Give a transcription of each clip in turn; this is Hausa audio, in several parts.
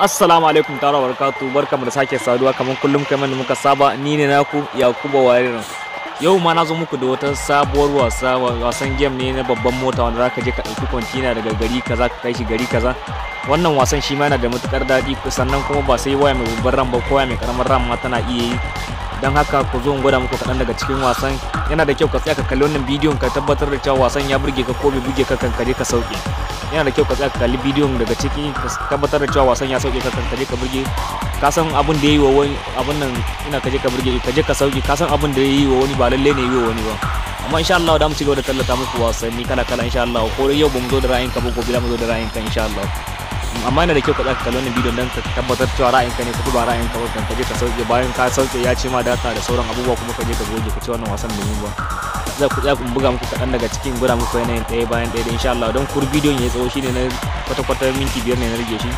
Assalamu alaikum tara barkatu barkamu da sake saduwa kamar kullum kamar da muka saba ni ne naku Yakuba Wariran. Yau ma na zo muku da wata sabuwar wasa wasan game ne na babban mota wanda zaka je ka ɗauki kwantina daga gari kaza ka kai shi gari kaza. Wannan wasan shi ma yana da matukar daɗi sannan kuma ba sai waya mai babban ran ba ko waya mai karamar ran ma tana iya yi. don haka ku zo gwada muku kaɗan daga cikin wasan yana da kyau ka tsaya ka kalli wannan bidiyon ka tabbatar da cewa wasan ya burge ka ko bai burge ka kan kaje ka sauke yana da kyau ka tsaya ka kalli bidiyon daga ciki ka tabbatar da cewa wasan ya sauke ka kan kaje ka burge ka san abin da yayi wa wani abin nan ina kaje ka burge je ka sauke ka san abin da yayi wa wani ba lalle ne yayi wa wani ba amma insha Allah da mu ci gaba da tallata muku wasanni kala kala insha Allah ko yau bamu zo da ra'ayin ka ba gobe da mu zo da ra'ayin ka insha Allah amma yana da kyau ka tsaka kallon bidiyon don ka tabbatar cewa ra'ayinka ne ka ba ra'ayinka ka kan ka je ka sauke bayan ka sauke ya ce ma data da sauran abubuwa kuma ka je ka goge ka ce wannan wasan da ba za ku ya buga muku kaɗan daga cikin gura muku yanayin ɗaya bayan ɗaya da insha Allah don kur bidiyon ya tsawo shine na kwata-kwata minti biyar ne na rage shi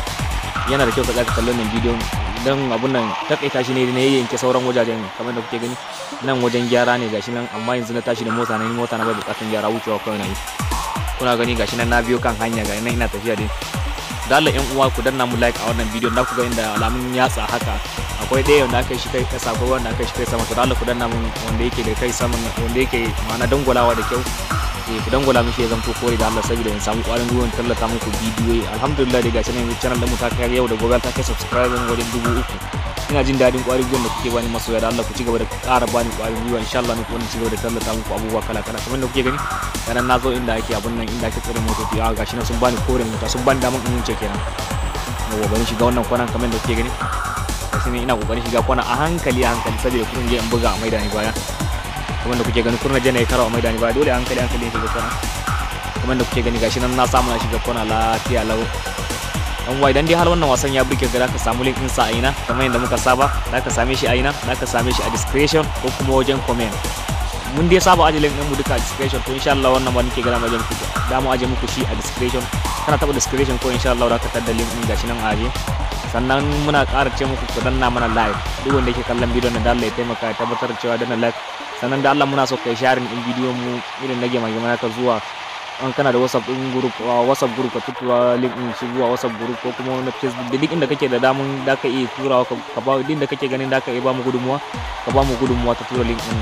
yana da kyau ka tsaka kallon bidiyon don abun nan takaita shi ne na yanke sauran wajajen kamar da kuke gani nan wajen gyara ne gashi nan amma yanzu na tashi da mota na mota na bai bukatan gyara wucewa kawai na yi kuna gani gashi nan na biyo kan hanya ga nan ina tafiya dai dala yan uwa ku danna mu like a wannan bidiyon na ku ga inda alamun yatsa haka akwai ɗaya wanda aka shi kai kasa akwai wanda aka shi kai sama to da ku danna mu wanda yake da kai sama wanda yake ma'ana dangwalawa da kyau Eh, ku dangwala mishi ya zamto kore da Allah saboda in samu kwarin gwiwa tallata muku bidiyoyi alhamdulillah da gashi nan channel din mu ta kai yau da gobe ta kai subscribe wajen dubu uku ina jin dadin kwarin gwiwa da kuke bani masoya da Allah ku cigaba da ƙara bani kwarin gwiwa insha Allah ku wani cigaba da tallata muku abubuwa kala kala kamar da kuke gani kana na zo inda ake abun nan inda ake tsare motoci a ah, gashi nan sun bani kore mota sun bani damar in wuce kenan yawa bari shiga wannan kwanan kamar da kuke gani gashi ina kokarin shiga kwana a hankali a hankali saboda kun je in buga a maida ni baya kamar da kuke gani kurna jana ya karawa dani ba dole hankali hankali shiga kwana kamar da kuke gani gashi nan na samu na shiga kwana lafiya lau an wai dan dai har wannan wasan ya buke ga zaka samu link sa a ina kamar yadda muka saba zaka same shi a ina zaka same shi a description ko kuma wajen comment mun dai saba aje link mu duka a description to insha Allah wannan ba nake gana wajen ku da mu aje muku shi a description kana taba description ko insha Allah zaka tada link din gashi nan aje sannan muna ƙara ce muku ku danna mana live duk wanda yake kallon bidiyon na dalla ya taimaka ya tabbatar cewa danna like sannan da Allah muna so kai sharing din bidiyo mu irin na gema gema ka zuwa an kana da whatsapp din group uh, whatsapp group ka tura link din shi zuwa whatsapp group ko kuma na facebook da link din da kake da damun da ka iya turawa ka ba din da kake ganin da ka iya ba mu gudunmuwa ka ba mu gudunmuwa ta tura link din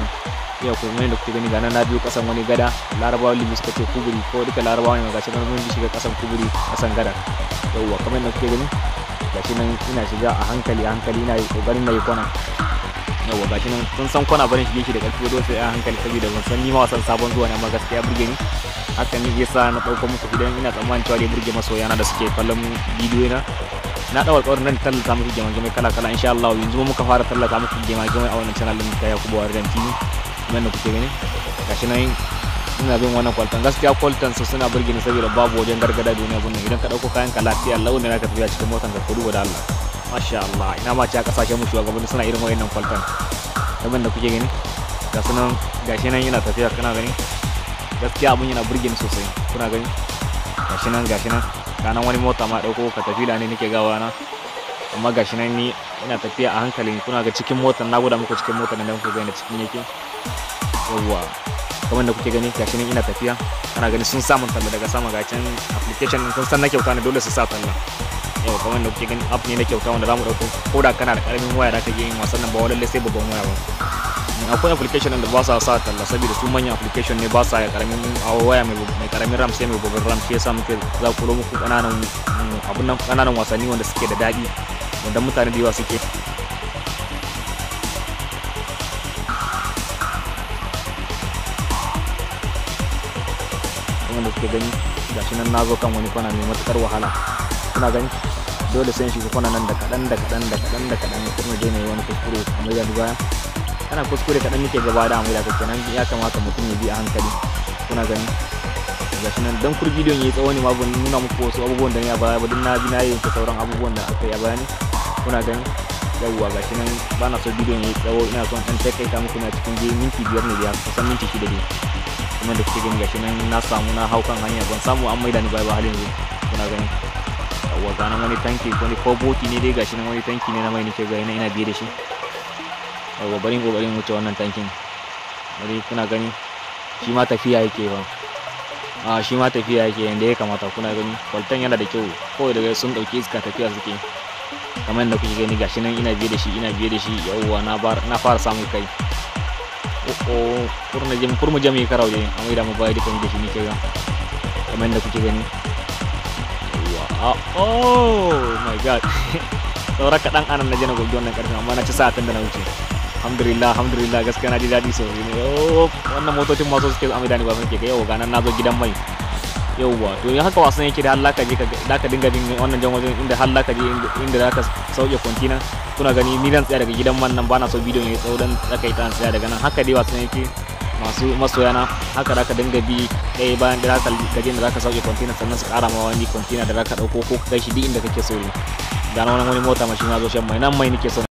iya ku mai da kuke gani gana na biyu kasan wani gada larabawa limu suka ce kuburi ko duka larabawa ne gashi nan mun shiga kasan kuburi kasan gada yauwa kamar da kuke gani gashi nan ina shiga a hankali a hankali ina kokarin na yi kwana yawa ga nan sun san kwana barin shige shi da ƙarfi dole sai a hankali saboda ban san ni ma wasan sabon zuwa ne amma gaskiya burge ni haka ne yasa na ɗauko muku idan ina tsammanin cewa dai burge yana da suke kallon bidiyo na na ɗaura alƙawarin nan tallata muku gemage kala kala insha Allah yanzu muka fara tallata muku gemage a wannan channel din ta Yakubu Wardan TV nan kuke gani gashi nan ina bin wannan kwaltan gaskiya kwaltan su suna burge ni saboda babu wajen gargada duniya bunnan idan ka ɗauko kayan ka lafiya launin ka tafiya cikin motan ka duba da Allah masha Allah ina ma a kasashen mu shugabanni suna irin wayannan kwaltan kamar da kuke gani ga sunan gashi nan yana tafiya kana gani gaskiya abun yana burge ni sosai kuna gani gashi nan gashi nan kanan wani mota ma dauko ka tafi da ne nake gawa na amma gashi nan ni ina tafiya a hankali kuna ga cikin motar na guda muku cikin motar da kuka gani cikin yake yawwa kamar da kuke gani gashi nan ina tafiya kana gani sun samun talla daga sama ga can application sun san na kyauta ne dole su sa talla yau eh, kamar da kuke gani app ne na kyauta wanda zamu dauko ko da kana da karamin waya da kake yin wasan nan ba wai lalle sai babban waya ba akwai application da ba sa sa talla saboda su manyan application ne ba sa ya karamin ah, waya mai karamin ram sai mai babban ram shi yasa muke za ku ro muku kananan mm, abun nan kananan wasanni wanda suke da dadi wanda mutane da yawa suke wanda suke gani gashi nan na zo kan wani kwana mai matukar wahala kuna gani dole sai ko kwana nan da kaɗan da kaɗan da kaɗan da kaɗan kuma je mai wani kuskure kamar yadda baya kana kuskure kaɗan nake gaba da amurya kake nan ya kamata mutum ya bi a hankali kuna gani ga shi nan dan kur bidiyon yayi tsawo ne ma ban nuna muku wasu abubuwan da ya baya ba dan na bi na yi sauran abubuwan da aka yi a bayani kuna gani yawwa ga shi nan ba na so bidiyon yayi tsawo ina son an takaita muku na cikin minti biyar ne da kusan minti shida ne kuma da kuke gani ga shi nan na samu na hau kan hanya ban samu an maida ni baya ba halin yanzu kuna gani wasa nan wani tanki wani ko boti ne dai gashi nan wani tanki ne na mai nake ga ina biye da shi yawa bari kokarin wuce wannan tankin bari kuna gani shi ma tafiya yake ba a shi ma tafiya yake yanda ya kamata kuna gani kwaltan yana da kyau kawai daga sun dauke iska tafiya suke kamar yadda kuke gani gashi nan ina biye da shi ina biye da shi yawwa na fara samun kai kurmu jami karau je amma idan mu bayar da kan da shi ke ga kamar yadda kuke gani oh, oh my god saura kaɗan anan na je na gobe wannan karfin amma na ci sa'atin da na wuce alhamdulillah alhamdulillah gaskiya na ji daɗi sau ne oh, wannan motocin masu suke amai da ni ba suke ga yau ganan na zo gidan mai yauwa to haka wasan yake da har ka je ka dinga bin wannan jan wajen inda har ka je inda za ka sauke kwantina kuna gani ni zan tsaya daga gidan man nan ba na so bidiyon ya tsawo dan tsakaita tsaya daga nan haka dai wasan yake masu yana haka da ka dinga bi ɗaya bayan da zaka gaje da zaka sauke container sannan su ƙara ma wani container da zaka dauko ko ka kai shi duk inda kake so ga wani mota mashin ma zo shan mai nan mai nake so